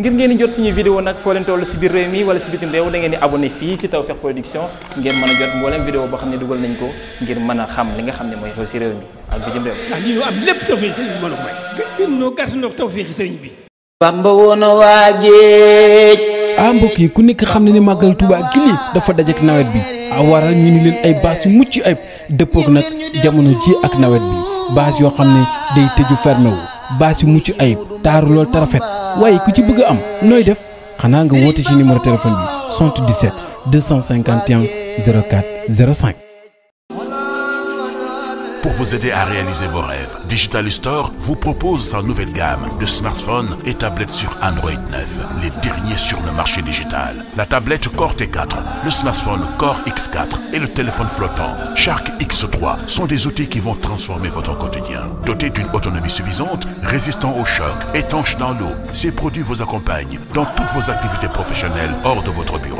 ngir ngeen jot suñu vidéo nag foo leen toll si biir réew mi wala si bitim réew da ngeen di abonné fii si Tawfekh Production ngeen mën a jot mboolem vidéo boo xam ne dugal nañ ko ngir mën a xam li nga xam ne mooy xew si réew mi ak bitim réew. ndax lii bi mën a may. Bamba woon a waajeej. ah mbokk yi ku nekk xam ne ne màggal Tuubaa gi nii dafa dajek nawet bi a waral ñu ni leen ay baas yu mucc ayib dëppook nag jamono ji ak nawet bi baas yoo xam ne day tëju fermé wu baas yu mucc ayib taaru lool tarafet waaye ku ci bëgg a am nooy def xanaa nga woote ci numéro téléphone bi 77 251 04 05. pour vous aider à réaliser vos rêves. Digital Store vous propose sa nouvelle gamme de smartphones et tablettes sur Android 9, les derniers sur le marché digital. La tablette Core t le smartphone Core x et le téléphone flottant Shark x sont des outils qui vont transformer votre quotidien. Dotés d'une autonomie suffisante, résistant aux chocs, étanches dans l'eau, ces produits vous accompagnent dans toutes vos activités professionnelles hors de votre bureau.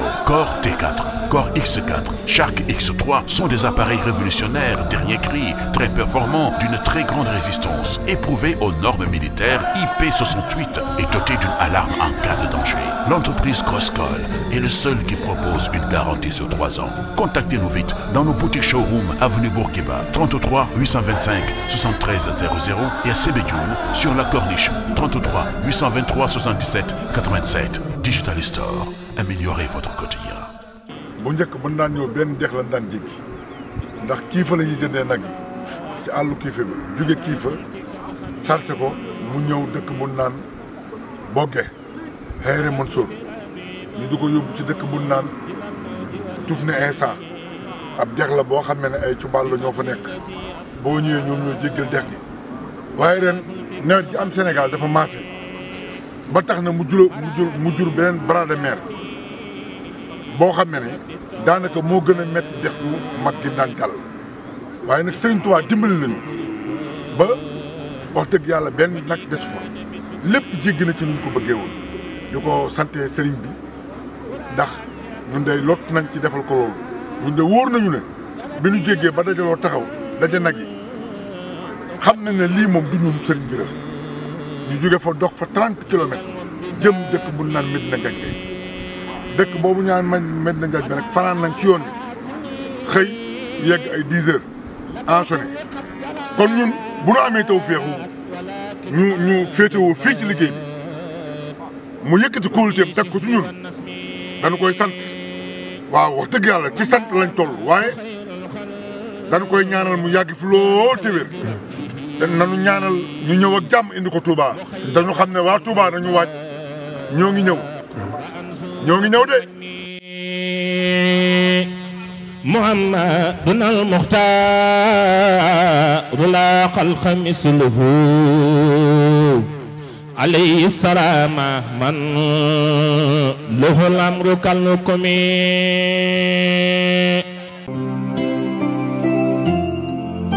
très performant d'une très grande résistance, éprouvé aux normes militaires IP68 et doté d'une alarme en cas de danger. L'entreprise Crosscall est le seul qui propose une garantie sur 3 ans. Contactez-nous vite dans nos boutiques showroom avenue Bourguiba et à Sébéguioune sur la Corniche 33 823 77 Digital Store, améliorez votre quotidien. ci àllu kiife bi jóge kiifa sarse ko mu ñëw dëkk bu naan bogge xeyre Mansour ñu di ko yóbbu ci dëkk bu naan tuf ne insan ab dex la boo xam ne ay cubaal la ñoo fa nekk boo ñëwee ñoom ñoo jéggal dex gi waaye ren nawet gi am Sénégal dafa maase ba tax na mu jur mu jur beneen bras de boo xam ne daanaka moo gën a métti dex bu mag gi daan jàll waaye nag Serigne Touba dimbali nañu ba wax dëgg yàlla benn nag desu fa lépp jéggi na ci nuñ ko bëggee woon di ko sante Serigne bi ndax ñun day lot nañ ci defal ko loolu ñun de wóor nañu ne bi ñu jéggee ba dajaloo taxaw daje nag yi xam na ne lii moom du ñun Serigne bi la ñu jóge fa dox fa trente kilomètres jëm dëkk bu naan Medina Gagné dëkk boobu ñaan man Medina Gagné nag fanaan nañ ci yoon bi xëy yegg ay dix heures enchaîné kon ñun bu ñu amee taw feexu ñu ñu féetewoo fii ci liggéey bi mu yëkkati kóoluteem teg ko ci ñun dañu koy sant waaw wax dëgg yàlla ci sant lañ toll waaye dañu koy ñaanal mu yàgg fi lool te wér nañu ñaanal ñu ñëw ak jàmm indi ko Touba dañu xam ne waa Touba nañu waaj ñoo ngi ñëw ñoo ngi ñëw de محمد المختار لا خلق مثله عليه السلام من له الأمر كالكمين